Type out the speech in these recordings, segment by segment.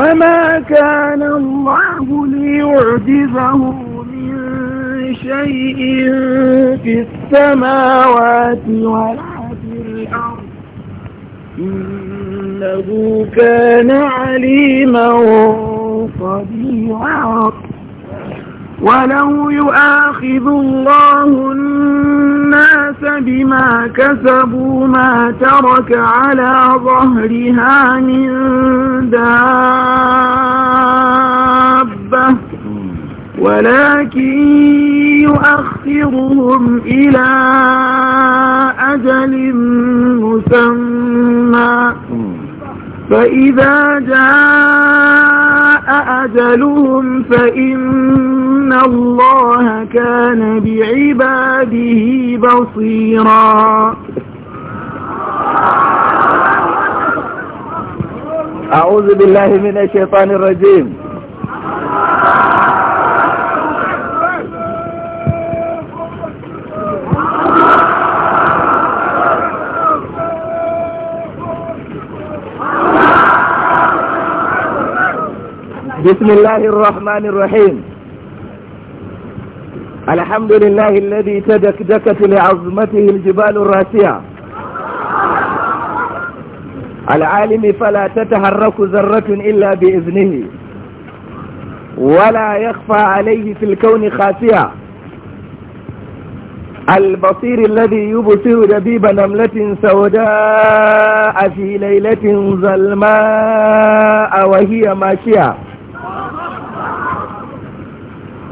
وما كان الله ليعجزه من شيء في السماوات ولا في الأرض إنه كان عليما قديرا ولو يؤاخذ الله الناس الناس بما كسبوا ما ترك على ظهرها من دابة ولكن يؤخرهم إلى أجل مسمى فإذا جاء أجلهم فإن إن الله كان بعباده بصيرا أعوذ بالله من الشيطان الرجيم بسم الله الرحمن الرحيم الحمد لله الذي تدكدكت لعظمته الجبال الراسية العالم فلا تتحرك ذرة إلا بإذنه ولا يخفى عليه في الكون خاسية البصير الذي يبصر دبيب نملة سوداء في ليلة ظلماء وهي ماشية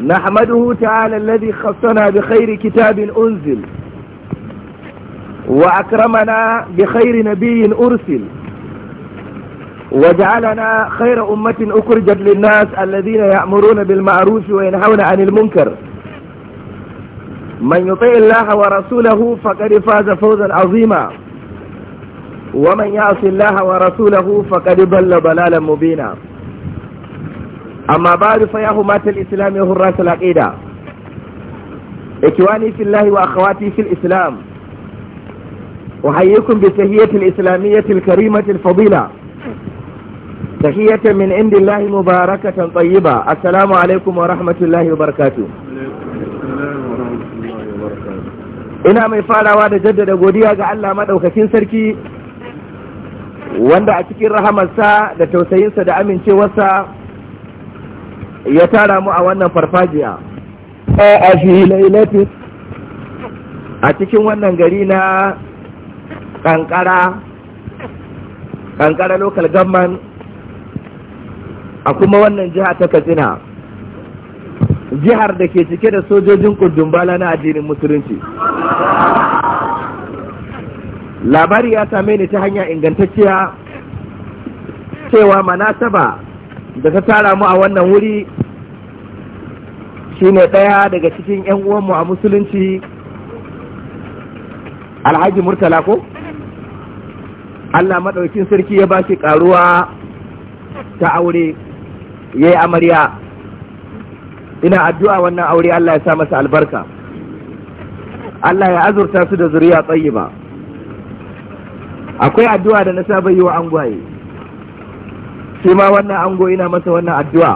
نحمده تعالى الذي خصنا بخير كتاب أنزل وأكرمنا بخير نبي أرسل وجعلنا خير أمة أخرجت للناس الذين يأمرون بالمعروف وينهون عن المنكر من يطيع الله ورسوله فقد فاز فوزا عظيما ومن يعص الله ورسوله فقد ضل بل ضلالا مبينا amma ba a rufa ya hu matan islam ya hurra ta laƙida ikiwani fi lahi wa akhawati islam wa hayyukum bi tahiyyati al-islamiyyati al-karimati al-fadila min indi lahi mubarakatan tayyiba assalamu alaikum wa rahmatullahi wa barakatuh ina mai falawa da jaddada godiya ga Allah maɗaukacin sarki wanda a cikin rahamarsa da tausayinsa da amincewarsa ya tara mu a wannan farfajiya a fi a cikin wannan gari na kankara kankara local government a kuma wannan jiha ta katsina jihar da ke cike da sojojin kundumbala na addinin musulunci labari ya same ni ta hanya ingantacciya cewa manasaba da ta tara mu a wannan wuri shine ɗaya daga cikin 'yan uwanmu a musulunci alhaji murtala ko allah maɗaukin sarki ya ba shi ƙaruwa ta aure ya yi amarya ina addu'a wannan aure allah ya sa masa albarka allah ya azurta su da zuriya tsayi ba akwai addu'a da na saba yiwa wa angwaye shi ma wannan ango ina masa wannan addu'a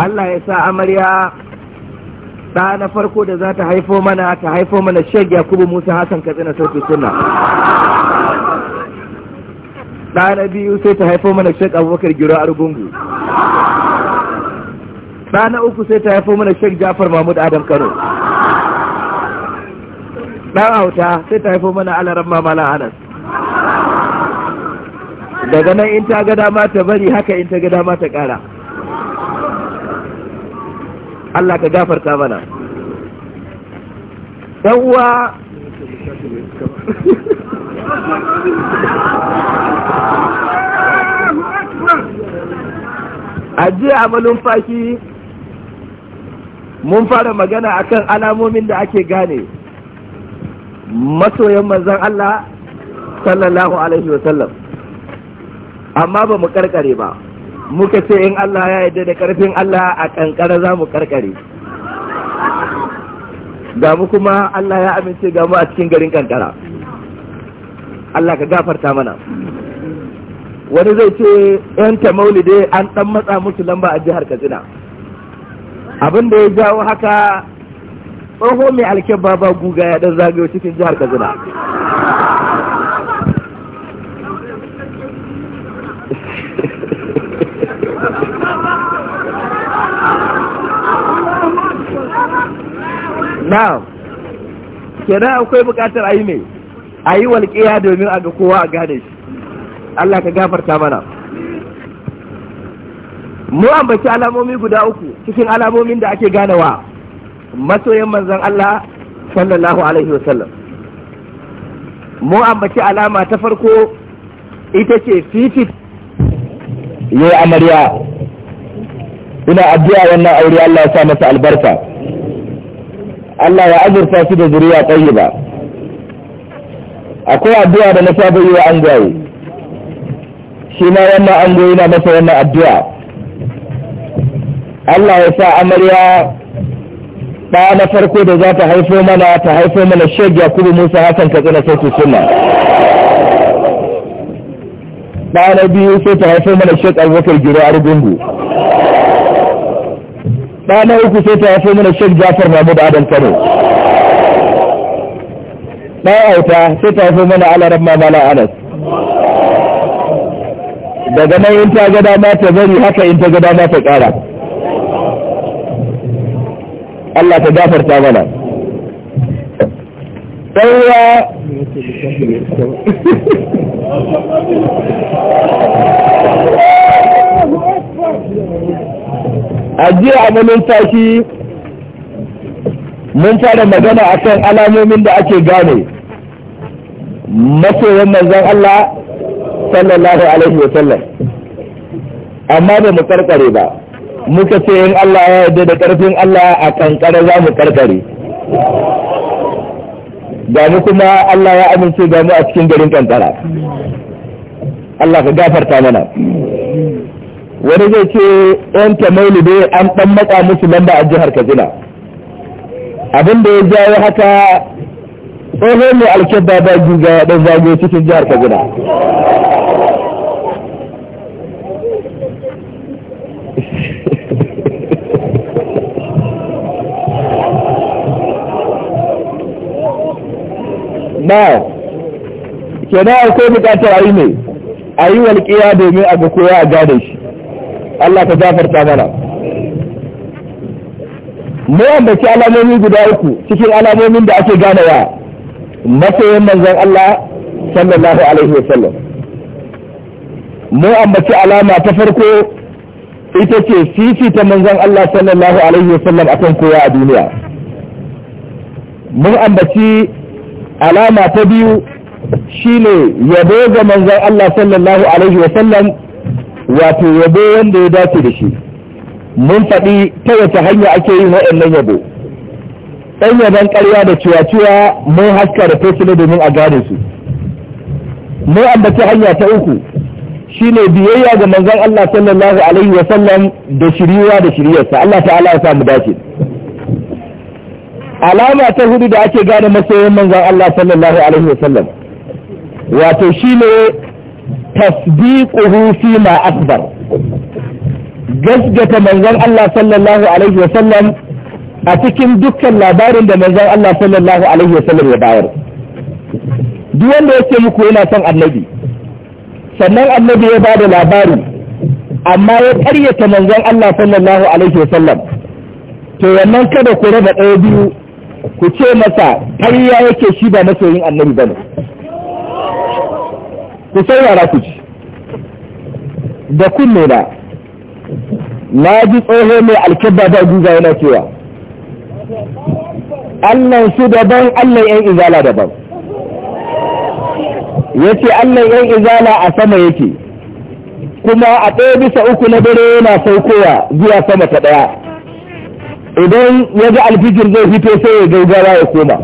Allah ya sa amarya ɗa na farko da za ta haifo mana ta haifo mana shek yakubu musa hassan katsina sauki suna ɗa na biyu sai ta haifo mana shek abubakar giro argungu ɗa na uku sai ta haifo mana shek jafar mahmud adam kano ɗan auta sai ta haifo mana alaran mamala anas daga nan in ta ga dama ta bari haka in ta ga dama ta kara Allah ka gafarta mana dan uwa a amalin faki mun fara magana akan alamomin da ake gane masoyan manzan Allah sallallahu alaihi wasallam amma ba mu karkare ba muka ce in Allah ya yi da karfin Allah a kankara za mu karkare ga mu kuma Allah ya amince ga mu a cikin garin kankara Allah ka gafarta mana wani zai ce yan ta maulide an dan matsa musu lamba a jihar Katsina abin da ya jawo haka tsoho mai alkyabba ba guga ya dan zagayo cikin jihar Katsina na'am kenan akwai bukatar yi mai a yi walƙiya domin a ga kowa a gane shi Allah ka gafarta mana mu ambaci alamomi guda uku cikin alamomin da ake ganewa masoyan manzon Allah sallallahu alaihi wasallam mu ambaci alama ta farko ita ce fifit yi amarya ina addu'a wannan aure Allah ya sa masa albarka Allah ya azurta shi da zuriya ba. akwai addu'a da na saba yi wa angwaye shi ma wannan ango na masa wannan addu'a Allah ya sa amarya ba na farko da za ta haifo mana ta haifo mana shek yakubu musa hassan katsina sauku suna Ba na biyu sai ta haifo mana shek abubakar giro argungu ɗana uku sai ta haifo mana shek jafar mahmud adam kano ɗa auta sai ta haifo mana alaran mamala anas daga nan in ta ga dama ta bari haka in ta ga dama ta ƙara Allah ta gafarta mana ɗanwa a jiya mun tashi mun fara magana akan alamomin da ake gane masoyan manzan Allah sallallahu alaihi wa sallam amma da mu karkare ba muka ce in Allah ya yarda da karfin Allah a kankara za mu karkare ga mu kuma Allah ya amince ga mu a cikin garin kankara Allah ka gafarta mana wani zai ce yan ta dai an dan matsa musu lamba a jihar kaduna abin da ya jawo haka tsohon mai alkyabba ba juga ya dan zago cikin jihar kaduna na kenan akwai bukatar a yi ne a yi walƙiya domin a ga kowa a gane shi Allah ta gafarta mana mu ambaci alamomi guda uku cikin alamomin da ake ganawa matsayin manzon Allah sallallahu alaihi wasallam mu ambaci alama ta farko ita ce fifita manzon Allah sallallahu alaihi wasallam akan kowa a duniya mun ambaci alama ta biyu shine yabo ga manzon Allah sallallahu alaihi wasallam wato yabo wanda ya dace da shi mun faɗi ta wace hanya ake yin waɗannan yabo ɗan yaban ƙarya da ciwa-ciwa mun haska da fesina domin a gane su mun ambaci hanya ta uku shine biyayya ga manzon Allah sallallahu alaihi wa sallam da shiriwa da shiriyarsa Allah ta'ala ya sa mu dace alama ta hudu da ake gane masoyin manzon Allah sallallahu alaihi wa sallam wato shine tasdiquhu fi ma akbar gasgata manzon Allah sallallahu alaihi wa sallam a cikin dukkan labarin da manzon Allah sallallahu alaihi wa sallam ya bayar duk wanda yake muku yana son annabi sannan annabi ya bada labari amma ya karyata manzon Allah sallallahu alaihi wa sallam to wannan kada ku raba ɗaya biyu ku ce masa ƙarya yake shi ba masoyin annabi bane ku yara ku ji da kunne da. na ji tsoho mai alkibba da guga yana cewa Allah su daban Allah yan izala daban ya ce yan izala a sama yake kuma a ɗaya bisa uku na dare yana saukowa zuwa sama ta ɗaya idan ya ga alfijir zai fito sai ya gaugara ya koma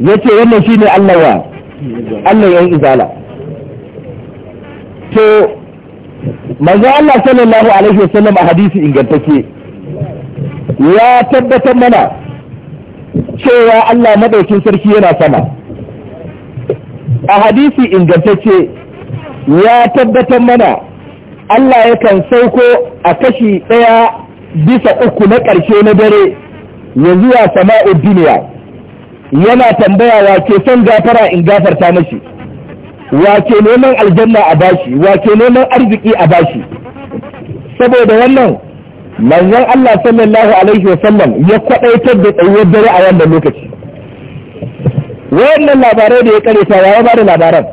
yace ce wannan shine Allah wa. allan yan izala to manzo Allah sallallahu alaihi wasallam a hadisi ingantacce ya tabbatar mana cewa Allah madaukin sarki yana sama a hadisi ingantacce ya tabbatar mana Allah yakan sauko a kashi ɗaya bisa uku na ƙarshe na dare ya zuwa sama'ud duniya yana tambaya wa ke son gafara in gafarta mashi wace neman aljanna a bashi wace neman arziki a bashi saboda wannan manzon Allah sallallahu alaihi wasallam ya kwadaitar da tsayuwar dare a wannan lokaci wayannan labarai da ya kareta ya ba da labaran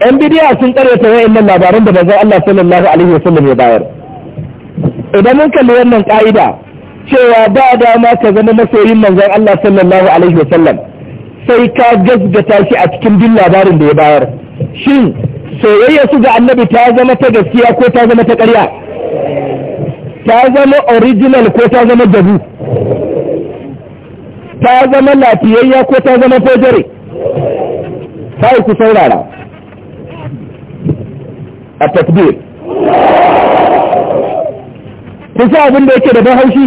yan bidiya sun kareta wayannan labaran da manzon Allah sallallahu alaihi wasallam ya bayar idan mun kalli wannan ka'ida cewa ba dama ka zama masoyin manzon Allah sallallahu alaihi wasallam sai ka gasgata shi a cikin duk labarin da ya bayar shin soyayya su ga annabi ta zama ta gaskiya ko ta zama ta ƙarya ta zama original ko ta zama jabu ta zama lafiyayya ko ta zama fojare sai ku saurara a takbir kusa abin da yake da ban haushi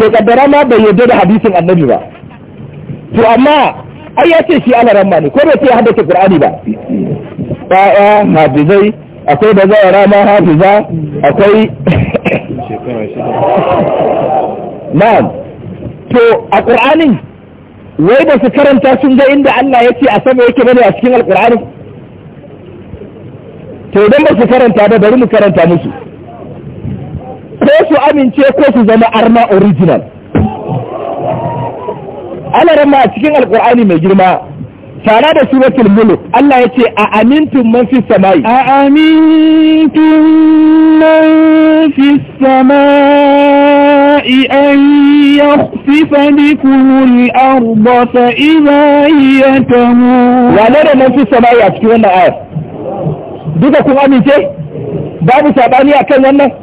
ke kaddara ma bai yarda da hadisin annabi ba to amma ai ya ce shi ana ramma ne ko bai ce haddace qur'ani ba ba'a hafizai akwai da zai rama hafiza akwai na'am to a qur'anin wai ba su karanta sun ga inda Allah ya ce a sama yake bane a cikin alqur'ani to idan ba su karanta ba bari mu karanta musu ko su amince ko su zama arma original alaran ma a cikin alkur'ani mai girma tare da suratul mulk Allah ya ce a amintum man fi samai a amintum man fi samai an yakhsifa bikum al-ardha fa idha hiya tamur wala da man fi samai a cikin wannan ayat duka kun amince babu sabani akan wannan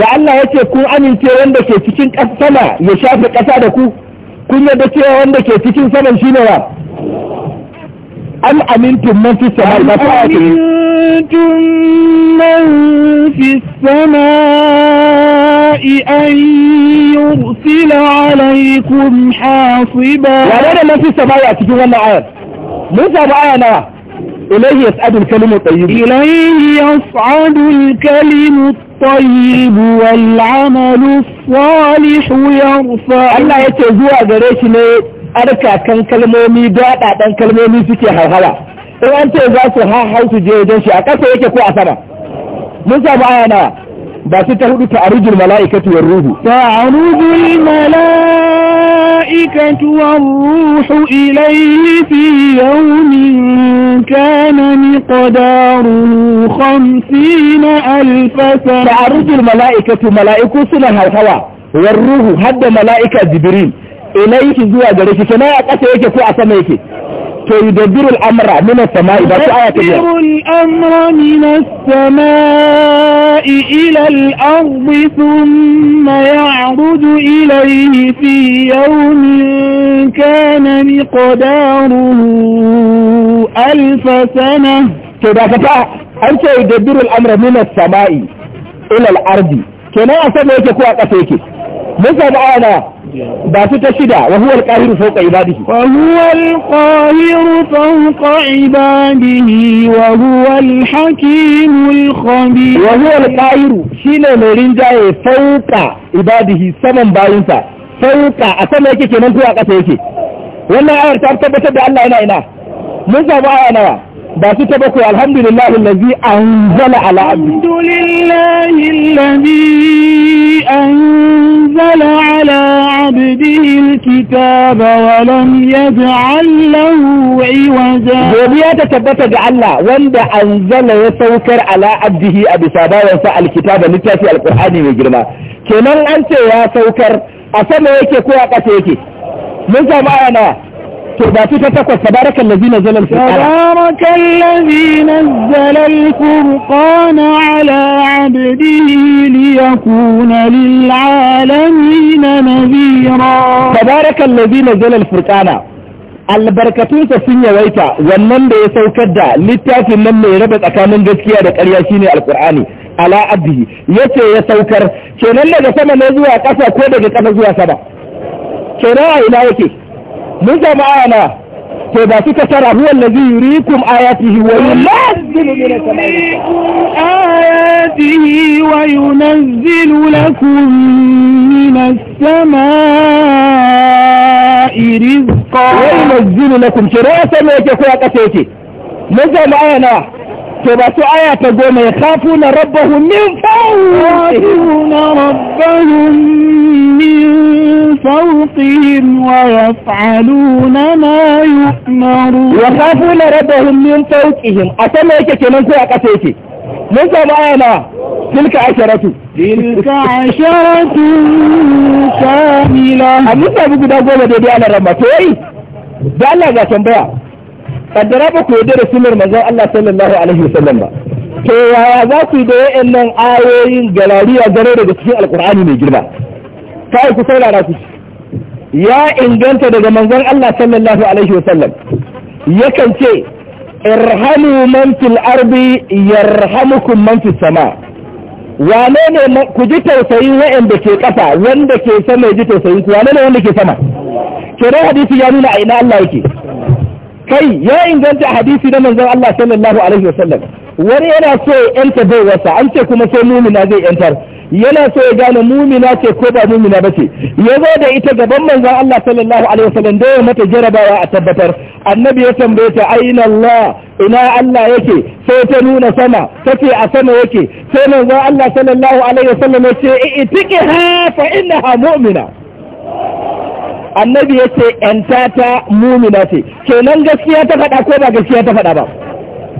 da Allah ya ce kun amince wanda ke cikin sama ya shafi ƙasa da ku kun yadda cewa wanda ke cikin saman shi ne ba an amintun man fi samai ba ta ake amintun man fi samai an yursila alaikum hasiba wane da man fi samai a cikin wannan ayar mun samu aya nawa إليه يسعد الكلم الطيب إليه يصعد الكلم الطيب والعمل الصالح يرفع الله يتزوى غريش لي أركا كان كلمومي داتا كان كلمومي سكي حوحوا إن أنت إذا سحاحوا سجيدين شيئا كيف يكي كوا أسما موسى معانا ba su ta hudu ta'arujul mala'ikatu war ruhu ta'arujul mala'ikatu war ruhu ilayhi fi yawmin kana miqdaruhu 50 alf sana ta'arujul mala'ikatu mala'iku suna hawa war ruhu hadda mala'ika jibril ilayhi zuwa gare shi kana a kasa yake ko a sama yake يدبر الأمر من السماء آية يدبر الأمر من السماء إلى الأرض ثم يعرج إليه في يوم كان مقداره ألف سنة كذا أنت يدبر الأمر من السماء إلى الأرض كنا اصلا يكي كوا قسيكي مثل أنا ba su ta shida wa huwa alqahiru fawqa ibadihi wa huwa alqahiru fawqa ibadihi wa huwa alhakimul khabir wa huwa alqahiru shine mai rinjaye fawqa ibadihi saman bayinsa fawqa a sama yake kenan ko a ƙasa yake wannan ayar ta tabbatar da Allah yana ina mun samu aya nawa ba ki taba ku alhamdulillah allazi anzala ala abdi alhamdulillah allazi anzala ala abdihi alkitaba wa lam yaj'al lahu iwaja godiya ta tabbata ga Allah wanda anzala ya saukar ala abdihi a bisa bayan sa alkitaba littafi alkur'ani mai girma kenan an ce ya saukar a sama yake ko a ƙasa yake mun samu aya nawa to ta takwas tabarakan lazi na zalar su ala tabarakan lazi na zalar kurkana ya kuna lil'alami na nazira tabarakan lazi na zalar furkana albarkatunsa sun yawaita wannan da ya saukar da littafin nan mai raba tsakanin gaskiya da karya shine alkur'ani ala abdihi yace ya saukar kenan daga sama ne zuwa ƙasa ko daga ƙasa zuwa sama kenan a ina yake من جمعنا كذا تكسر هو الذي يريكم آياته وينزل لكم آياته وينزل لكم من السماء رزقا وينزل لكم شراء سماء كفاءة أسيتي من جمعنا ke ba su aya ta goma ya kafu na rabbahun min fauqihim wa yaf'aluna ma yu'maru wa kafu na rabbahun min fauqihim a ta yake kenan ko a yake mun ga aya na tilka asharatu tilka asharatu kamila a mun ga guda goma da dai Allah rabba to yi da Allah ga kaddara ba ku yarda da sunar manzon Allah sallallahu alaihi wasallam ba to yaya za ku yi da wayannan ayoyin galariya gare daga cikin alkur'ani mai girma kai ku saurara ku ya inganta daga manzon Allah sallallahu alaihi wasallam yakan ce irhamu man fil ardi yarhamukum man fis sama wane ne ku ji tausayin wayanda ke kafa wanda ke sama ya ji tausayin ku wane ne wanda ke sama kenan hadisi ya nuna a ina Allah yake kai ya inganta hadisi na manzon Allah sallallahu alaihi wasallam wani yana so ya yanta baiwarsa an ce kuma sai mumina zai yantar yana so ya gane mumina ce ko ba mumina ba ce ya zo da ita gaban manzon Allah sallallahu alaihi wasallam da ya mata jarabawa a tabbatar annabi ya tambaye ta aina Allah ina Allah yake sai ta nuna sama tace a sama yake sai manzon Allah sallallahu alaihi wasallam ya ce itiqiha fa innaha mu'mina annabi ya ce ‘yanta ta mumina ce kenan gaskiya ta faɗa ko ba gaskiya ta faɗa ba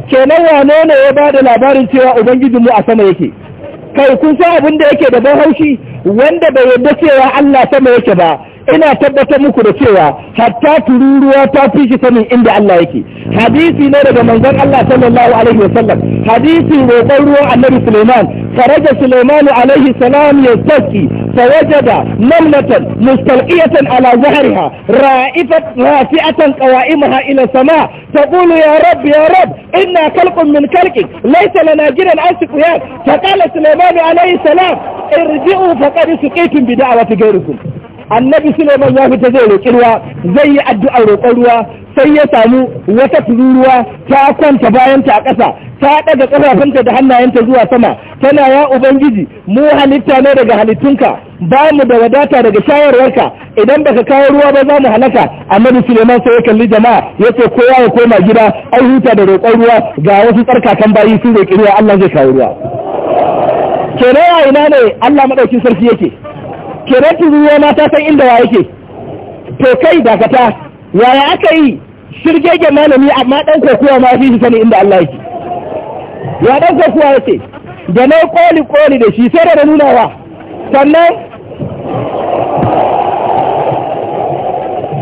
kenan wane ne ya ba da labarin cewa ubangijinmu a sama yake kai kun san abin da yake da ban wanda bai yadda cewa Allah sama yake ba ina tabbatar muku da cewa hatta tururuwa ta fi shi sanin inda Allah yake hadisi ne daga manzon Allah sallallahu alaihi wasallam hadisi roƙon ruwan annabi Suleiman faraja Suleiman alaihi salam ya tsaki fawajada namlatan mustalqiyatan ala zahriha ra'ifat rafi'atan qawa'imaha ila sama taqulu ya rab ya rab inna khalqun min khalqik laysa lana jiran an siqiyat faqala Suleiman alaihi salam irji'u faqad suqitum bi da'wati ghayrikum annabi suleiman ya fita zai roƙi ruwa zai yi addu'ar roƙon ruwa sai ya samu wata tururuwa ta kwanta bayanta a ƙasa ta ɗaga ƙafafunta da hannayenta zuwa sama tana ya ubangiji mu halitta ne daga halittunka ba mu da wadata daga shayarwarka idan baka kawo ruwa ba za mu halaka annabi suleiman sai ya kalli jama'a ya ce kowa ya koma gida ai huta da roƙon ruwa ga wasu tsarkakan bayi sun roƙi ruwa allah zai kawo ruwa kenan a ina ne allah maɗaukin sarki yake kenan turuwa ma ta san inda wa yake to kai dakata yaya aka yi shirgege malami amma dan kokowa ma fi sani inda Allah yake ya dan kokowa yake da nai koli koli da shi sai da nuna wa sannan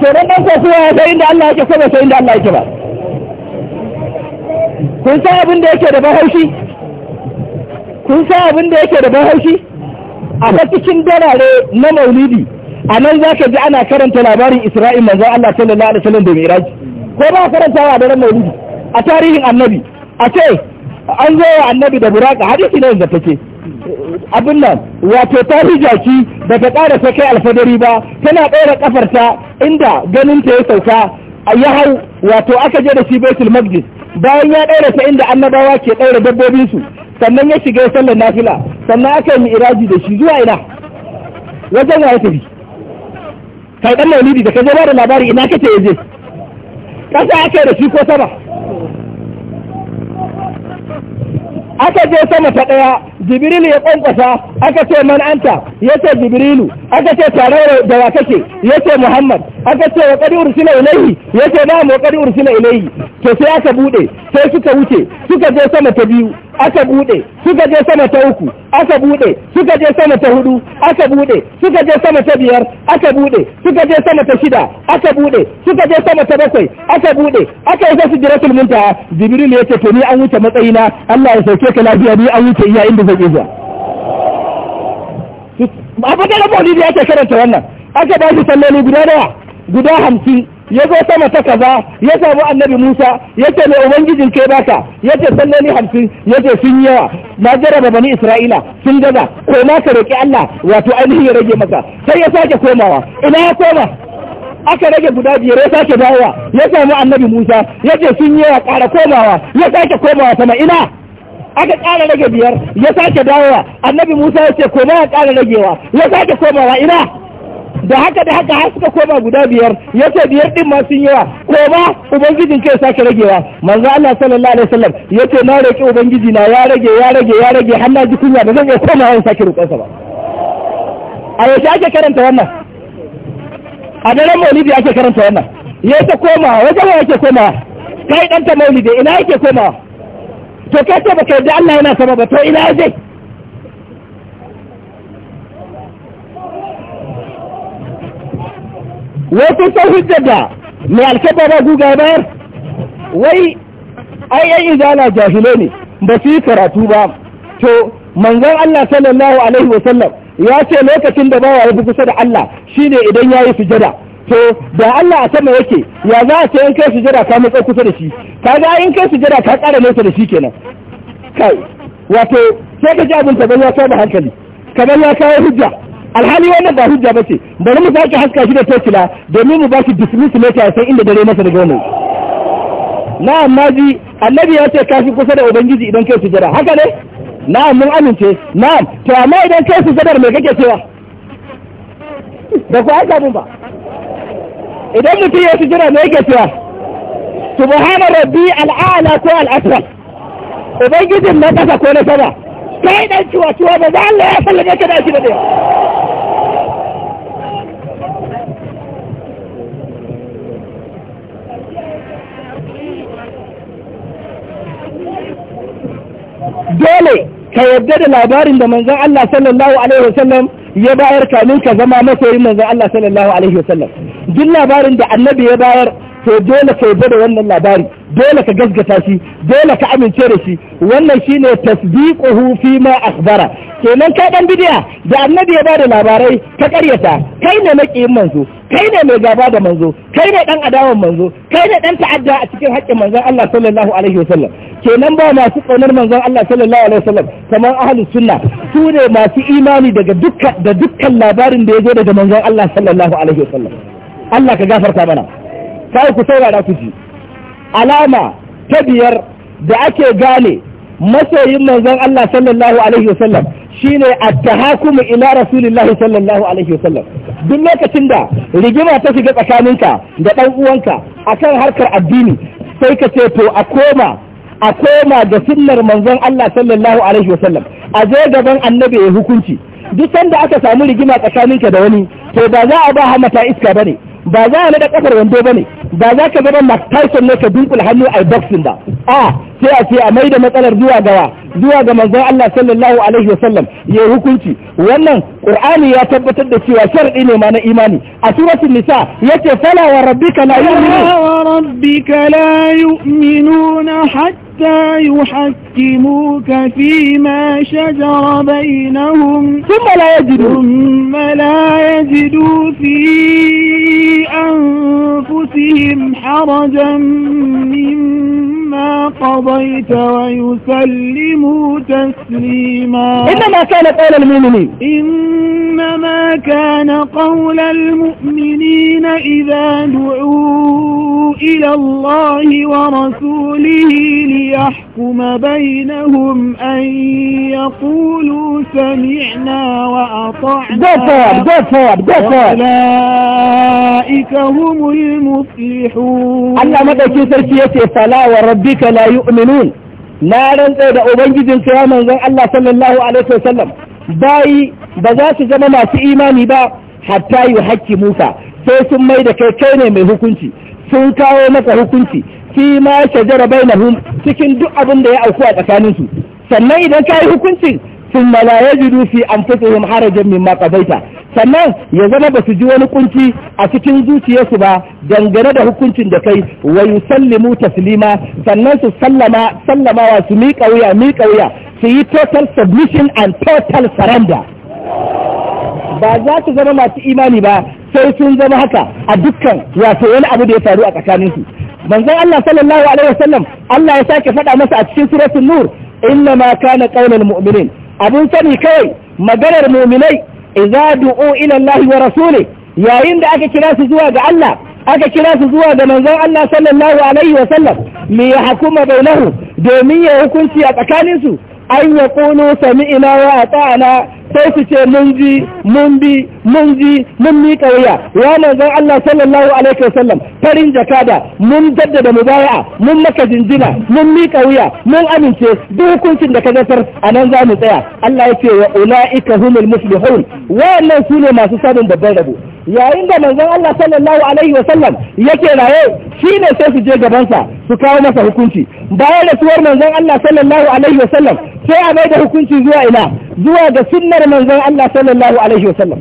kenan dan kokowa ya san inda Allah yake ko sai inda Allah yake ba kun san abin da yake da bahaushi kun san abin da yake da bahaushi a cikin dalare na maulidi a nan za ka ji ana karanta labarin isra'il manzo Allah sallallahu alaihi wasallam da miraji ko ba karantawa a daren maulidi a tarihin annabi a ce an zo wa annabi da buraka hadisi ne zata take abin nan wato ta fi jaki da ta ƙara ta kai alfadari ba tana ɗaura ƙafarta inda ganin ta ya sauka ya hau wato aka je da shi baitul maqdis bayan ya ɗaura ta inda annabawa ke ɗaura dabbobinsu sannan ya shiga ya sallar nafila sannan aka yi iraji da shi zuwa ina wajen ya tafi kai dan maulidi da ka zo da labari ina kace yaje kasa aka da shi ko sama aka je sama ta daya jibrilu ya kwankwasa aka ce man anta yace jibrilu aka ce tare da wa kake yace muhammad aka ce wa kadi ursila ilayhi yace na mu kadi ursila ilayhi to sai aka bude sai suka wuce suka je sama ta biyu aka bude suka je sama ta uku aka bude suka je sama ta hudu aka bude suka je sama ta biyar aka bude suka je sama ta shida aka bude suka je sama ta bakwai aka bude aka yi su jiratul munta jibril ya ce to ni an wuce matsayina Allah ya sauke ka lafiya ni an wuce iya inda zan iya abu da rabu ne ya ce karanta wannan aka ba shi salloli guda daya guda hamsin ya zo sama ta kaza ya samu annabi musa ya ce mai ubangijin kai baka ya ce salloli hamsin ya ce sun yawa na jaraba bani isra'ila sun gaza ko ma ka roƙi allah wato ainihin ya rage maka sai ya sake komawa ina ya koma aka rage guda biyar ya sake dawowa ya samu annabi musa ya ce sun yawa ƙara komawa ya sake komawa sama ina aka ƙara rage biyar ya sake dawowa annabi musa ya ce koma ya ƙara ragewa ya sake komawa ina da haka da haka har suka koma guda biyar ya ce biyar din ma sun ko ba ubangijin kai sake ragewa manzo Allah sallallahu alaihi wasallam ce na roki ubangiji na ya rage ya rage ya rage har na ji kunya da zan iya koma in sake rukunsa ba a yaushe ake karanta wannan a daren maulidi ake karanta wannan yace koma wajen wa yake koma kai dan ta maulidi ina yake koma to kai ce baka yadda Allah yana sama ba to ina yake wai kun san hujjar da mai alkaba ba guga bayar wai ai ai izala jahilai ne ba su yi karatu ba to manzon Allah sallallahu alaihi wa sallam ya ce lokacin da bawa ya fi kusa da Allah shine idan ya yi sujada to da Allah a sama yake ya za a ce in kai sujada ka matsa kusa da shi Ka ga in kai sujada ka kara nesa da shi kenan kai wato sai ka ji abin ta ya da hankali kamar ya kawo hujja alhali wannan ba hujja bace bari mu sake haska shi da tokila domin mu ba shi dismiss later sai inda dare masa daga wannan na'am naji annabi ya ce kashi kusa da ubangiji idan kai jira, haka ne na'am mun amince na'am to amma idan kai sujadar me kake cewa da ku haka mun ba idan mutum ya jira me yake cewa subhana rabbi al'ala ko al'aswal ubangijin na kasa ko na sama kai dan ciwa ciwa ba za Allah ya sallame ka da shi da dai dole ka yarda da labarin da manzon Allah sallallahu alaihi wasallam ya bayar kamin ka zama masoyin manzon Allah sallallahu alaihi wasallam duk labarin da annabi ya bayar to dole ka yarda da wannan labari dole ka gaskata shi dole ka amince da shi wannan shine tasdiquhu fi ma akhbara kenan ka dan bidiya da annabi ya bada labarai ka karyata kai ne makiyin manzo kai ne mai gaba da manzo kai ne dan adawan manzo kai ne dan ta'adda a cikin haƙƙin manzon Allah sallallahu alaihi wasallam kenan ba masu kaunar manzon Allah sallallahu alaihi wasallam kamar ahlus sunna su ne masu imani daga dukkan da dukkan labarin da ya zo daga manzon Allah sallallahu alaihi wasallam Allah ka gafarta mana kai ku saurara ku ji alama ta biyar da ake gane masoyin manzon Allah sallallahu alaihi wasallam shine at-tahakumu ila rasulillahi sallallahu alaihi wasallam duk lokacin da rigima ta shiga tsakaninka da dan uwanka akan harkar addini sai ka ce to a koma a koma ga sunnar manzon Allah sallallahu alaihi wasallam a je gaban annabi ya hukunci duk sanda aka samu rigima tsakaninka da wani to ba za a ba hamata iska bane ba za a nada kafar wando bane ba za ka zama Mike Tyson ne ka dunkul hannu a boxing ba a sai a ce a mai da matsalar zuwa gawa zuwa ga manzon Allah sallallahu alaihi wasallam ya hukunci wannan qur'ani ya tabbatar da cewa sharadi ne ma na imani a suratul nisa yace fala wa rabbika la yu'minuna wa rabbika la yu'minuna hatta yuhakkimuka fima shajara bainahum thumma la yajidu thumma la yajidu fi anfusihim harajan mimma ما قضيت ويسلموا تسليما إنما كانت آل المؤمنين إنما كان قول المؤمنين إذا دعوا إلى الله ورسوله ليحكم بينهم أن يقولوا سمعنا وأطعنا وأولئك هم أنا الله مدى كثير فلا وربك لا يؤمنون لا رنسى دا أبنجد الكرام الله صلى الله عليه وسلم bayi ba za su zama masu imani ba hatta yi haƙƙi musa sai sun mai da kai kai ne mai hukunci sun kawo masa hukunci fi ma shajara hun cikin duk abin da ya auku a tsakaninsu sannan idan ka yi hukuncin sun la an fi anfusihim harajan mimma qadaita sannan ya zama ba su ji wani kunci a cikin zuciyarsu ba dangane da hukuncin da kai wa yusallimu taslima sannan su sallama sallamawa su miƙa wuya miƙa wuya su yi total submission and total surrender ba za su zama masu imani ba sai sun zama haka a dukkan wato wani abu da ya faru a tsakaninsu manzon Allah sallallahu alaihi wasallam Allah ya sake faɗa masa a cikin suratul nur inna ma kana qaulul mu'minin abun sani kawai maganar mu'minai idza du'u ila Allah wa rasuli yayin da aka kira su zuwa ga Allah aka kira su zuwa ga manzon Allah sallallahu alaihi wasallam me ya hukuma bainahu domin ya hukunci a tsakaninsu an ya sami ina wa ta'ala sai su ce mun ji mun bi mun ji mun miƙa wuya ya manzan Allah sallallahu alaihi wasallam farin jakada mun jaddada mubaya'a mun maka jinjina mun miƙa wuya mun amince duk hukuncin da ka zartar a nan za mu tsaya Allah ya ce wa ula'ika humul muslihun wayannan su ne masu sabon babban rabo yayin da manzon Allah sallallahu alaihi wa sallam yake raye shine sai su je gabansa su kawo masa hukunci bayan suwar manzon Allah sallallahu alaihi wa sallam sai a maida hukunci zuwa ila, zuwa ga sunnar manzon Allah sallallahu alaihi wa sallam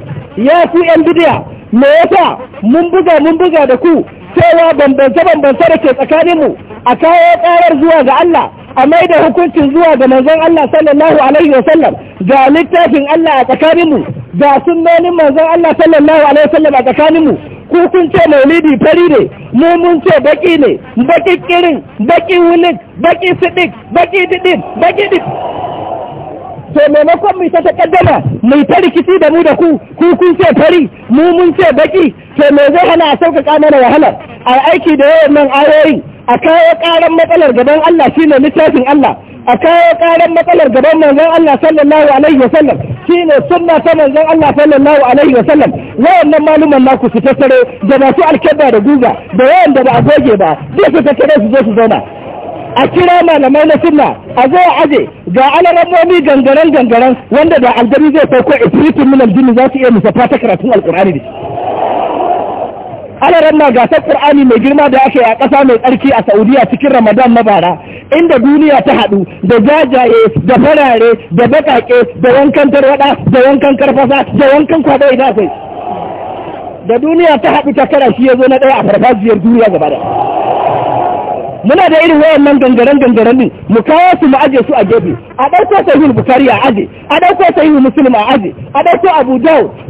ya ku yan bidiya me yasa mun buga mun buga da ku cewa bambance bambance da ke tsakanin mu a kawo karar zuwa ga Allah a mai da hukuncin zuwa ga manzon Allah sallallahu alaihi wa sallam ga littafin Allah a tsakaninmu ga sunnonin manzon Allah sallallahu alaihi wa sallam a tsakaninmu ku kun ce maulidi fari ne mu mun ce baki ne baki kirin baki wulin baki sidik baki didin baki dik to maimakon mu ta takaddama mu ta rikici da mu da ku ku kun ce fari mu mun ce baki to me zai hana a sauƙaƙa mana wahala a aiki da yawan nan ayoyi a kawo ƙaran matsalar gaban Allah shine littafin Allah a kawo ƙaran matsalar gaban manzon Allah sallallahu alaihi wasallam shine sunna ta manzon Allah sallallahu alaihi wasallam wayannan maluman naku su tattaro da masu alkebba da guga da wayanda ba a goge ba duk su tattaro su zo su zauna a kira malamai na sunna a zo a aje ga alarammomi gangaren gangaren wanda da aljami zai sauko ifritun minal jini za su iya musafa ta karatun alkur'ani da shi Ala ranna gasar qur'ani mai girma da aka yi a ƙasa mai tsarki a saudiya cikin ramadan na bara inda duniya ta haɗu da jajaye da farare da baƙaƙe da wankan tarwaɗa da wankan karfasa da wankan kwaɗo ina kai da duniya ta haɗu ta kara shi ya zo na ɗaya a farfajiyar duniya gaba da muna da irin wayannan gangaren gangaren ne mu kawo su mu aje su a gefe a ɗauko sahihul bukari a aje a ɗauko sahihul muslim a aje a ɗauko abu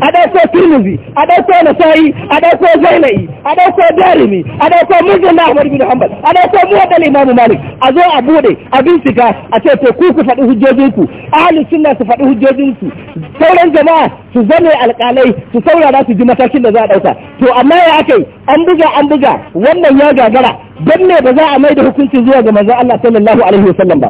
a ɗauko Tirmizi a ɗauko nasa'i a ɗauko zainai a ɗauko darimi a ɗauko na Ahmadu bin hanbal a ɗauko muwaddal imamu malik a zo a buɗe a bincika a ce to ku ku faɗi hujjojinku ahlus sunna su faɗi hujjojinku sauran jama'a su zame alƙalai su saurara su ji matakin da za a ɗauka to amma ya akai an buga an buga wannan ya gagara don ne ba za a mai da hukuncin zuwa ga manzon Allah sallallahu alaihi wasallam ba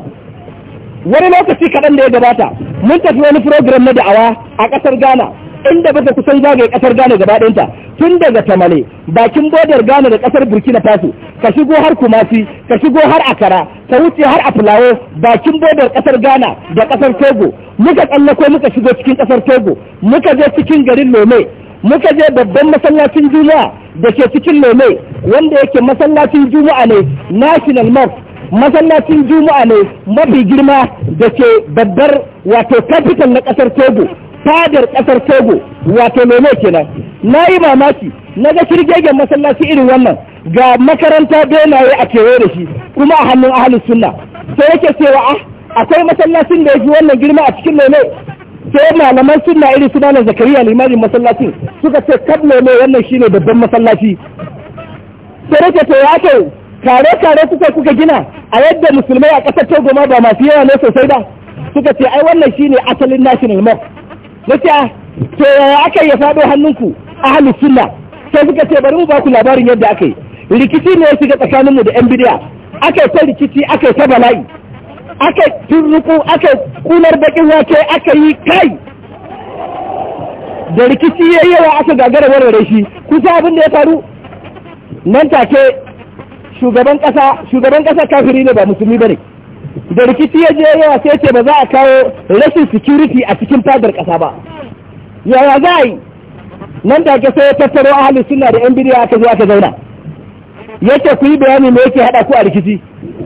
wani lokaci kaɗan da ya gabata mun tafi wani program na da'awa a ƙasar Ghana inda bata kusan zagaye ƙasar Ghana gaba ɗayanta tun daga Tamale bakin bodar Ghana da ƙasar Burkina Faso ka shigo har Kumasi ka shigo har Akara ka wuce har Afulawo bakin bodar ƙasar Ghana da ƙasar Togo muka tsallako muka shigo cikin ƙasar Togo muka je cikin garin Lome muka je babban masallacin juma'a da ke cikin lome wanda yake masallacin juma'a ne national mosque masallacin juma'a ne mafi girma da ke babbar wato capital na kasar togo fadar kasar togo wato lome kenan na yi mamaki na ga shirgegen masallaci irin wannan ga makaranta benaye a kewaye da shi kuma a hannun ahalin sunna sai yake cewa ah akwai masallacin da ya fi wannan girma a cikin lome sai malaman sunna irin su malam zakariya limamin masallaci suka ce kan ne wannan shine babban masallaci sai rake to ya kai kare kare suka kuka gina a yadda musulmai a kasar togo ma ba masu yawa ne sosai ba suka ce ai wannan shine asalin national mosque nace ah, to yaya aka ya faɗo hannunku ahlus sunna sai suka ce bari mu ba ku labarin yadda aka yi rikici ne ya shiga tsakaninmu da yan bidiya aka yi ta rikici aka yi ta bala'i aka turruku aka kunar bakin wake aka yi kai da rikici ya yi yawa aka gagara warware shi kusa abin da ya faru nan take shugaban kasa shugaban kasa kafiri ne ba musulmi bane da rikici ya je yawa sai ce ba za a kawo rashin security a cikin fadar kasa ba yaya za a yi nan take sai ya tattaro ahalin suna da yan biriya aka zo aka zauna yake ku yi bayani me yake haɗa ku a rikici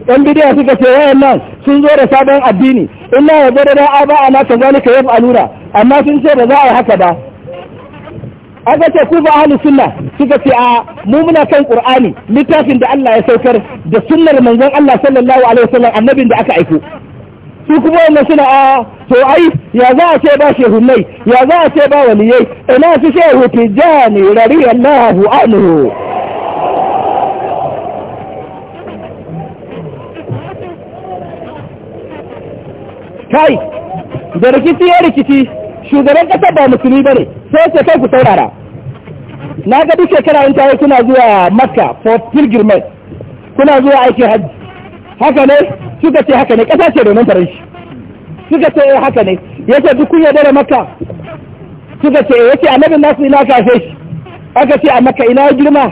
ɗan bidiya suka ce wayan nan sun zo da sabon addini ina ya zo da da'a ba a naka ka yi alura amma sun ce ba za a yi haka ba aka ce ku ba ahlus sunna suka ce a mu muna kan qur'ani littafin da Allah ya saukar da sunnar manzon Allah sallallahu alaihi wasallam annabin da aka aiko su kuma wannan suna a to ai ya za a ce ba shehunai ya za a ce ba waliyai ina su shehu tijani rariyallahu anhu kai da rikici ya rikici shugaban ƙasar ba musulmi ba ne sai ce kai ku saurara na ga duk shekara in tawo kuna zuwa makka for pilgrimage kuna zuwa aikin hajji haka ne suka ce haka ne ƙasa ce domin farin shi suka ce eh, haka ne Ya ce duk kun dare da makka suka ce ya a annabin nasu ina kafe shi aka ce a makka ina girma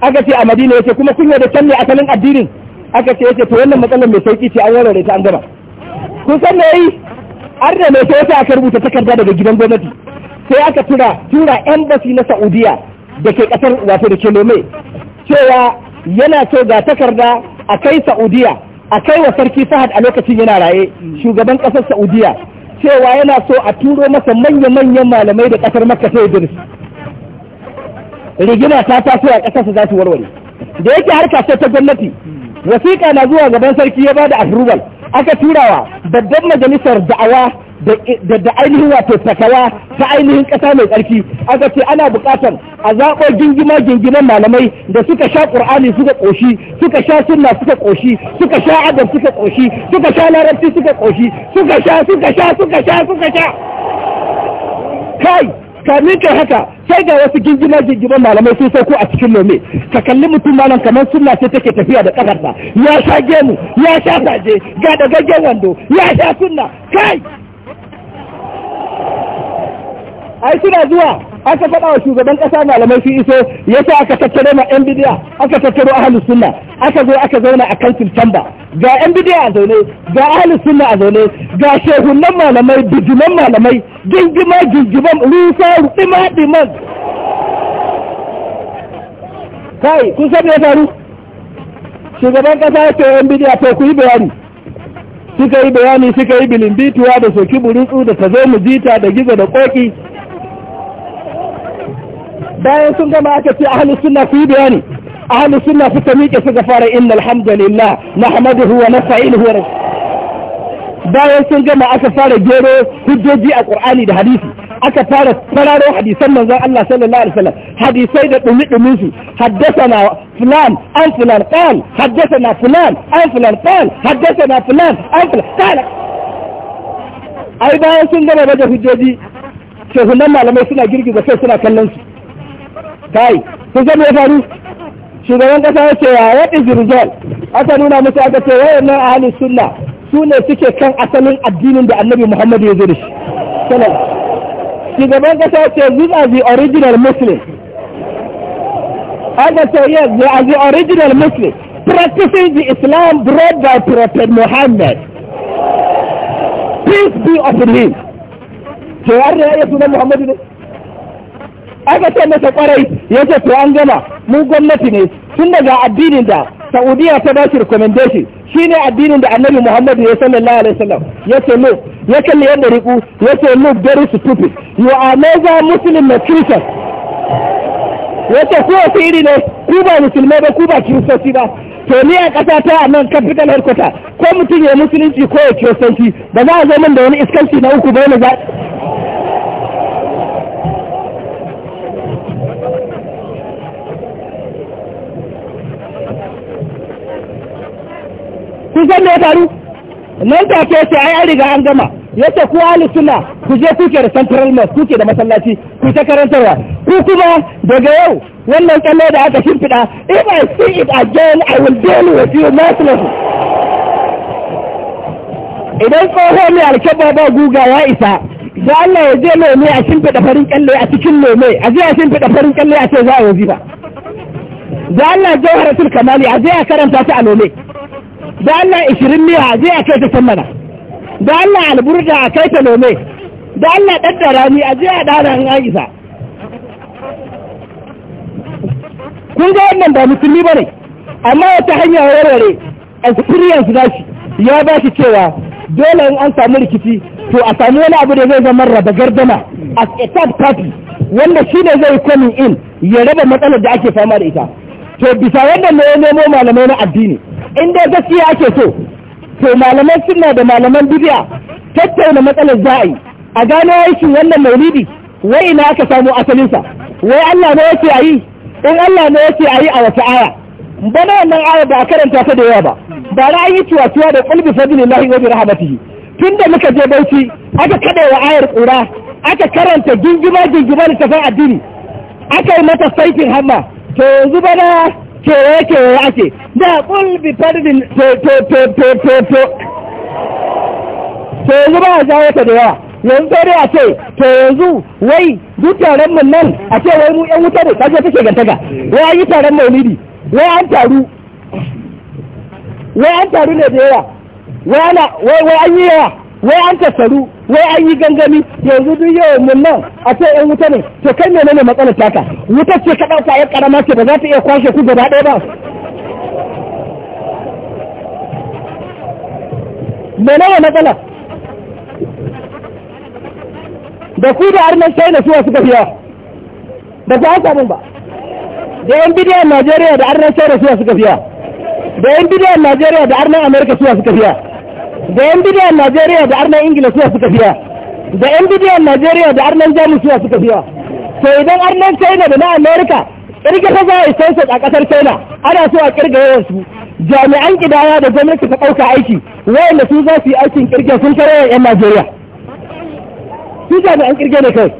aka ce a madina ya ce kuma kun da can ne asalin addinin aka ce ya ce to wannan matsalar mai sauki ce an da ta an gama kun san me yi an da mai sai aka rubuta takarda daga gidan gwamnati sai aka tura tura embassy na Saudiya da ke kasar wato da ke nome cewa yana so ga takarda a kai Saudiya a kai wa sarki Fahad a lokacin yana raye shugaban kasar Saudiya cewa yana so a turo masa manya-manyan malamai da kasar Makka ta Idris rigima ta taso a kasarsa za su warware da yake harka ce ta gwamnati wasiƙa na zuwa gaban sarki ya ba da approval aka turawa babban majalisar da'awa da ainihin wato fatawa ta ainihin ƙasa mai tsarki aka ce ana buƙatar a zaɓo gingima ginginan malamai da suka sha ƙur'ani suka ƙoshi suka sha sunna suka ƙoshi suka sha adam suka ƙoshi suka sha larabci suka ƙoshi suka sha suka sha suka sha suka sha kai kamin kai haka sai ga wasu gingimar gingimar malamai sun sauko a cikin nome ka kalli mutum malam kamar sunna ce take tafiya da kafarsa ya sha gemu ya sha saje ga dagaggen wando ya sha sunna kai ai suna zuwa aka faɗa wa shugaban ƙasa malamai su iso ya sa aka tattaro ma yan bidiya aka tattaro ahalus sunna aka zo aka zauna a kantin tamba ga yan bidiya a zaune ga ahalus sunna a zaune ga shehunan malamai bijiman malamai gingima gingiman rufa rufima diman kai kun san me ya faru shugaban ƙasa ya ce yan bidiya to ku yi bayani suka yi bayani suka yi bilimbituwa da soki burutsu da ta zo mu jita da gizo da koki bayan sun gama aka ce ahlus sunna su bayani ahlus sunna suka miƙe suka fara inna alhamdulillah nahmaduhu wa nasta'inuhu wa bayan sun gama aka fara gero hujjoji a qur'ani da hadisi aka fara fararo hadisan manzon Allah sallallahu alaihi wasallam hadisai da dumi-dumin su haddathana fulan an fulan qal haddathana fulan an fulan qal haddathana fulan an fulan qal ai bayan sun gama da hujjoji shehunan malamai suna girgiza sai suna kallon su kai sun ga me faru shugaban kasa ya ce ya is result aka nuna musu aka ce wayannan ahli sunna su ne suke kan asalin addinin da annabi muhammadu ya zo da shugaban kasa ya ce these are the original muslims aka ce yes they are the original muslims practicing the islam brought by prophet muhammad peace be upon him to sunan muhammadu ne aka ce masa kwarai ya ce to an gama mu gwamnati ne tun daga addinin da saudiya ta ba shi recommendation shine addinin da annabi muhammadu ya sallallahu alaihi salam ya ce no ya kalli yadda riku ya ce no very stupid you are neither muslim na christian ya ce ku wasu iri ne ku ba musulmai ba ku ba kiristoci ba to ni a ƙasa ta a nan capital headquarter ko mutum ya musulunci ko ya kiristanci ba za a zo min da wani iskanci na uku ba ne za kun san me ya faru nan ta ke sai ai an riga an gama yace ku ahli sunna ku je kuke da central mosque kuke da masallaci ku ta karantarwa ku kuma daga yau wannan kalle da aka shimfiɗa if i see it again i will deal with you mercilessly idan tsoho mai alkaba ba guga ya isa da Allah ya je lome a shimfiɗa farin kyalle a cikin lome a je a shimfiɗa farin kyalle a ce za a wazifa da Allah jawharatul kamali a je a karanta ta a lome da Allah ishirin miya a zai a kai ta san mana da Allah alburda a kai ta nome da Allah ɗaddara rami a zai a ɗana an isa. kun ga wannan ba musulmi ba ne amma wata hanya warware experience su ya ba shi cewa dole in an samu rikici to a samu wani abu da zai zama raba gardama as a third party wanda shi ne zai coming in ya raba matsalar da ake fama da ita to bisa wannan ne ya nemo malamai na addini in dai gaskiya ake so to malaman sunna da malaman bid'a tattauna matsalar za'i a gano aikin wannan maulidi wai ina aka samu asalinsa wai Allah ne yake ayi in Allah ne yake ayi a wata aya bana wannan aya ba a karanta ta da yawa ba ba ra an yi tuwatuwa da qulbi fadlillahi wa bi rahmatihi tunda muka je bauchi aka kada wa ayar ƙura, aka karanta gingima gingima da tafan addini aka yi mata saitin hamma to yanzu bana kewaye-kewaye ake da ƙulbi fardin to-to-to-to-to to yanzu ba a jawo ta da yawa yanzu sai dai a ce to yanzu wai duk taron mu nan a ce wai mu yan wuta ne kaje take gantaga wai an yi taron maulidi wai an taru wai an taru ne da yawa wai an yi yawa wai an tattaru wai an yi gangami yanzu duk yau mun nan a ce yan wuta ne to kai ne ne matsalar taka wuta ce ka ɗauka ya karama ce ba za ta iya kwashe ku gaba ɗaya ba mene ne matsala da ku da arnan china suwa suka fiya ba ku a samun ba da yan bidiyar najeriya da arnan china suwa suka fiya da yan bidiyar najeriya da arnan amerika suwa suka fiya da yan bidiyar najeriya da arnan ingila suwa suka fiya da yan bidiyar najeriya da arnan jamus suwa suka fiya to idan arnan china da na america kirga ta zai census a kasar china ana so a kirga yawan su jami'an kidaya da gwamnati ta ɗauka aiki wayanda su za su yi aikin kirge sun kare yan najeriya su jami'an ƙirge ne kai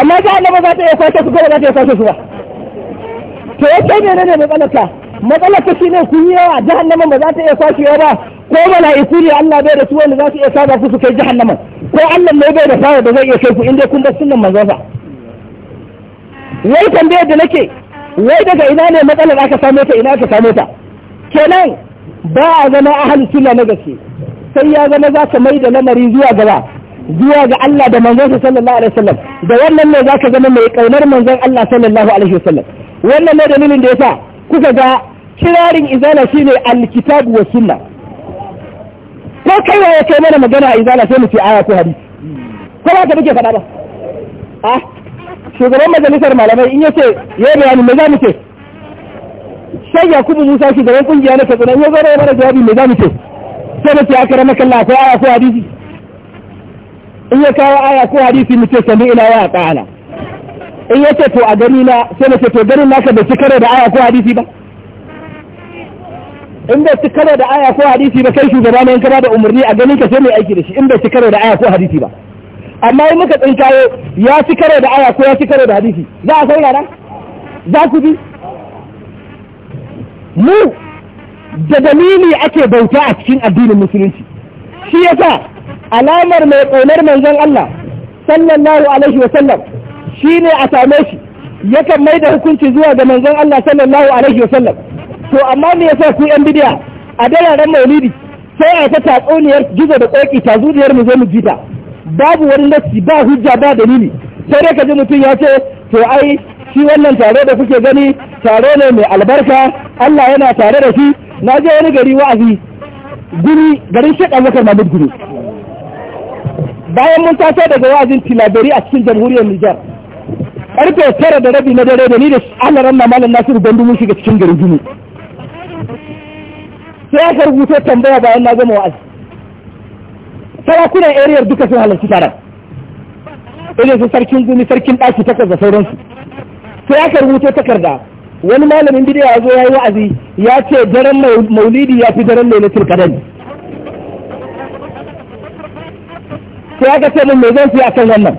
amma ga annaba za ta iya kwace su kuma za ta iya kwace su ba to ya kai ne ne matsalaka matsalaka shi ne kun yi yawa jahannama ba za ta iya kwashewa ba ko mala'iku ne Allah bai da su wanda za su iya saba ku su kai jahannama ko Allah ne bai da sawa da zai iya kai ku inda kun bar sunan manzon sa wai tambayar da nake wai daga ina ne matsalar aka same ta ina aka same ta kenan ba a zama ahli sunna na gaske sai ya zama za ka mai da lamari zuwa gaba zuwa ga Allah da manzon sa sallallahu alaihi wasallam da wannan ne za ka zama mai kaunar manzon Allah sallallahu alaihi wasallam wannan ne dalilin da ya sa kuka ga kirarin izala shine alkitabu wa sunna ko kai ya kai mana magana a izala sai mu ce aya ko hadisi ko ba ka muke faɗa ba a ah, shugaban majalisar malamai in yace yayi bayani me za mu ce sai ya yakubu musa da kungiya na katsina ya zo da mana jawabi me za mu ce sai mu ce akara maka kalla ko aya ko hadisi in ya kawo aya ko hadisi mu ce sami ila wa ta'ala in yace to a gari na sai na ce to ganin naka bai ci karo da aya ko hadisi ba in bai ci karo da aya ko hadisi ba kai shugaba ne in kana da umarni a gani ka sai mai aiki da shi in bai ci karo da aya ko hadisi ba amma in muka tsinkayo ya ci karo da aya ko ya ci karo da hadisi za a saurara za ku bi mu da dalili ake bauta a cikin addinin musulunci shi yasa alamar mai ƙaunar manzon Allah sallallahu alaihi wa sallam shi ne a same shi yakan mai da hukunci zuwa ga manzon Allah sallallahu alaihi wasallam to amma me yasa ku yan bidiya a dararen maulidi sai a ta tatsuniyar gizo da koki ta zuriyar mu zo mu jita babu wani nassi ba hujja ba dalili sai dai ka ji mutum ya ce to ai shi wannan taro da kuke gani taro ne mai albarka Allah yana tare da shi na je wani gari wa'azi guri garin kan Abubakar mamud Guri bayan mun taso daga wa'azin Tilaberi a cikin jamhuriyar Nijar karfe tara da rabi na dare da ni da Allah ranna malam Nasiru Gandu mun shiga cikin garin Gini sai aka rubuta tambaya bayan na gama wa'azi kuna area duka sun halarci taron Ina su sarkin gumi sarkin ɗaki takwas da sauransu sai aka rubuta takarda wani malamin bidiyo ya zo ya yi wa'azi ya ce daren maulidi ya fi daren lailatul qadar sai aka ce mun me zan fi akan wannan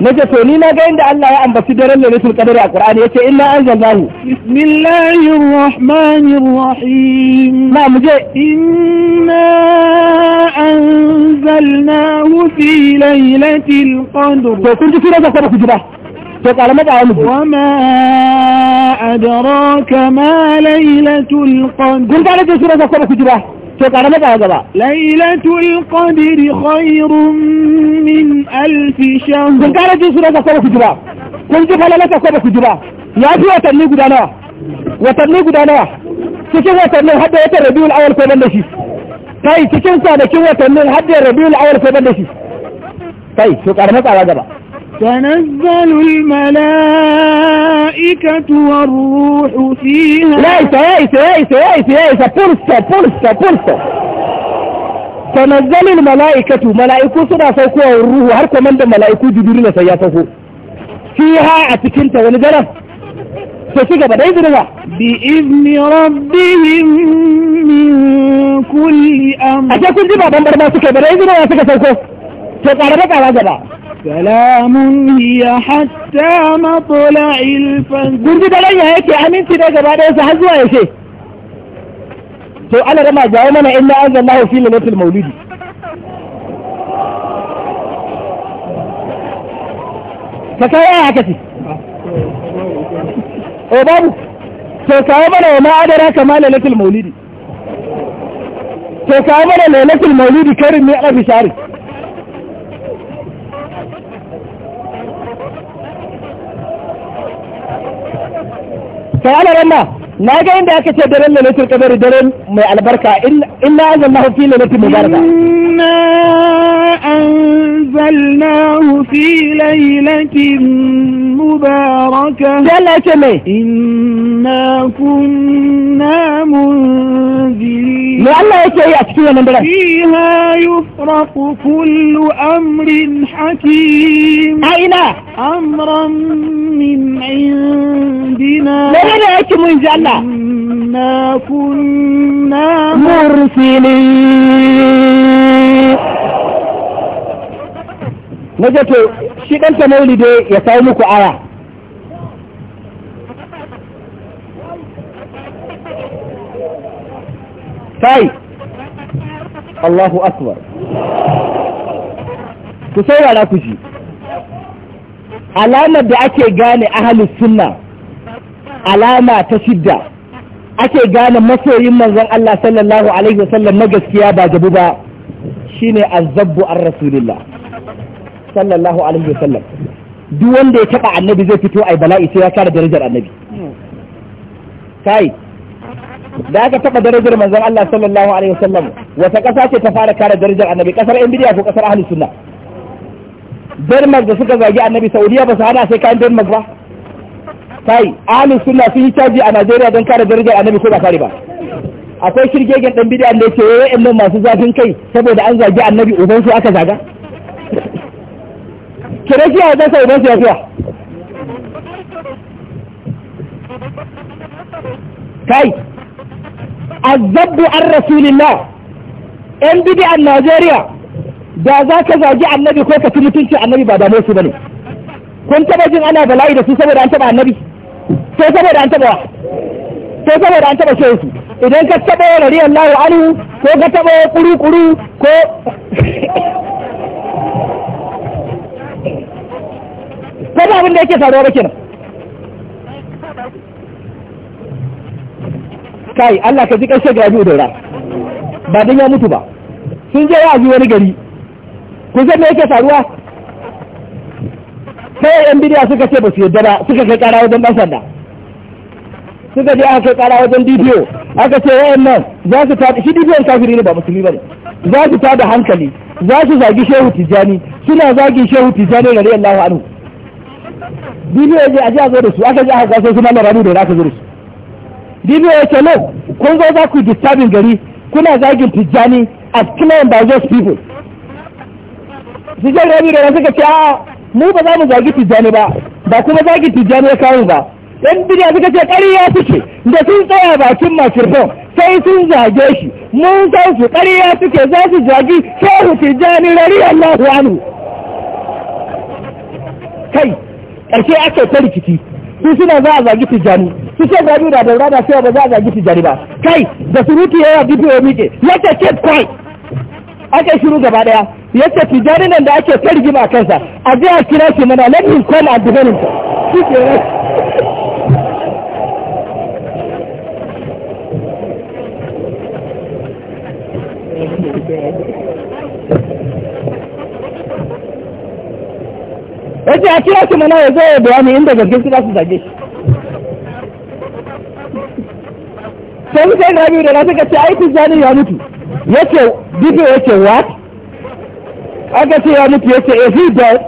nace to ni na ga inda Allah ya ambaci daren lailatul qadari a Qur'ani yace inna anzalnahu bismillahir rahmanir rahim na muje inna anzalnahu fi lailatul qadr to kun ji kira da ku ji ba to kalama da wani wa ma adraka ma lailatul qadr kun ga da sura da ku ji ba to karama ka gaba lailatul qadr khairun min alf shahr kun kare ji sura ka ko ku jira kun ji falala ka ko ku jira ya fi watanni guda nawa watanni guda nawa cikin watannin hadda watan rabiul awal ko ban da shi kai cikin kwanakin watannin hadda rabiul awal ko ban da shi kai to karama ka gaba تنزل الملائكة والروح فيها لا isso, é isso, é isso, é isso, é isso, pulsa, pulsa, pulsa تنزل الملائكة ملائكة سنة سوكوا والروح هاركو من ده ملائكة جدورين سياسوكوا فيها أتكنت ونزلت تشيك بدأي ذنبا بإذن ربهم من كل أمر أشياء كنت بابا برما سكي بدأي ذنبا سكي سوكوا تقاربك على جبا سلام هي حتى مطلع الفجر gurbi da ranya yake aminci da gaba da har zuwa yaushe to ana rama jawo mana inna anzalallahu fi lailatul maulidi ka kawo ya haka ce eh, babu to kawo mana wa ma'adara kama lailatul to kawo mana lailatul karin a bishari تعالى لنا ما جاين ذاك الشيء دلل ليت القدر دلل ما البركة إلا إلا أنزلناه في ليلة مباركة إنا أنزلناه في ليلة مباركة جل أشمي إنا كنا منذرين لا الله يشيء أشكي من بلد فيها يفرق كل أمر حكيم أين أمرا من عين aikin mu inji Allah kunna mursili naje to shi dan ta maulide ya sai muku aya kai Allahu akbar ku sai wala ku ji alamar da ake gane ahlus sunna alama ta shidda ake gane masoyin manzon Allah sallallahu alaihi wasallam na gaskiya ba jabu ba shine azabbu an rasulillah sallallahu alaihi wasallam duk wanda ya taba annabi zai fito ai bala'i sai ya kare darajar annabi kai da aka taba darajar manzon Allah sallallahu alaihi wasallam wata kasa ce ta fara kare darajar annabi kasar Indiya ko kasar Ahlus Sunna Denmark da suka zagi annabi Saudiya ba su hana sai kayan Denmark ba kai ahlus sunna sun yi caji a Najeriya don kare darajar annabi ko ba kare ba akwai shirgegen dan bid'a da yake yayin eh, nan masu zafin kai saboda an zagi annabi uban su aka zaga kire shi a zasa uban su ya fiya kai azabbu an rasulillah yan a Najeriya da za ka zagi annabi ko ka ci mutunci annabi ba damu su ne? kun taba jin ana bala'i da su saboda an taba annabi sai saboda an taba sai saboda an taba shehu idan ka taba lawo anhu ko ka taba kuru-kuru ko ko ba abin da yake faruwa ba kenan kai Allah ka ji ƙarshe ga biyu da ba dan ya mutu ba sun je ya wani gari kun san me yake faruwa sai yan bidiya suka ce ba su yadda ba suka kai kara wajen ɗan sanda suka je aka kai kara wajen DPO aka ce nan za su ta shi DPO kafiri ne ba musulmi ne za su da hankali za su zagi Shehu Tijani suna zagi Shehu Tijani radiyallahu anhu DPO ya je a zo da su aka je aka kaso su mallan rabu da aka zo da su DPO ya ce no kun zo za ku disturbing gari kuna zagin Tijani as claimed by those people Sijar Rabi da suka ce a mu ba za mu zagi tijjani ba ba kuma zagi tijjani ya kawo ba ɗan bidiya suka ce ya suke da sun tsaya bakin makirfon sai sun zage shi mun san su ya suke za su zagi shehu tijjani rari allahu anu kai ƙarshe ake ta rikici su suna za a zagi tijjani su ce gani da daura da sai ba za a zagi tijjani ba kai da surutu yawa bidiyo mike yake ce kwai ake shiru gaba ɗaya yake tijani nan da ake sargi rigima kansa a je a kira shi mana let him come and defend himself shi a kira shi mana ya zo ya bayani inda gaske su za su zage shi sai suka na biyu da na suka ce aiki tijani ya mutu yake bidiyo yake what aka ce ya mutu yace if fi does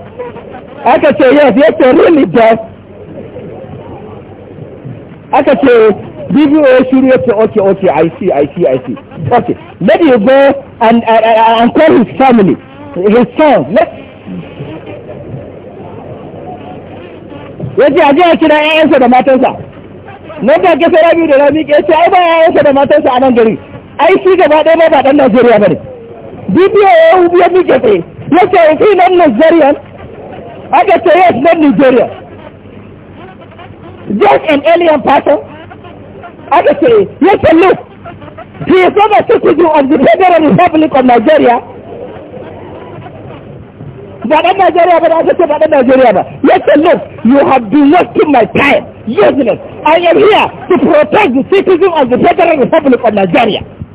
aka ce fi yake really does aka ce bibiyo ya shuru yace oke okay i see i see i see okay let you go and uh, uh, uh, and, and call his family his son let yace aje a kira ƴaƴansa da matansa nan ta ke sai rabi da rami ke ce ai ba ƴaƴansa da matansa a nan gari ai shi gaba ɗaya ba ɗan Najeriya ne bidiyo ya hubu ya miƙe tsaye yake yi nan Nigerian aka ce yes nan Nigerian just an alien person aka ce yake look he is not a citizen of the Federal Republic of Nigeria ba ɗan Najeriya ba da aka ce ba ɗan Najeriya ba. Yes and no, you have been wasting my time. Useless. I am here to protect the citizen of the Federal Republic of Nigeria.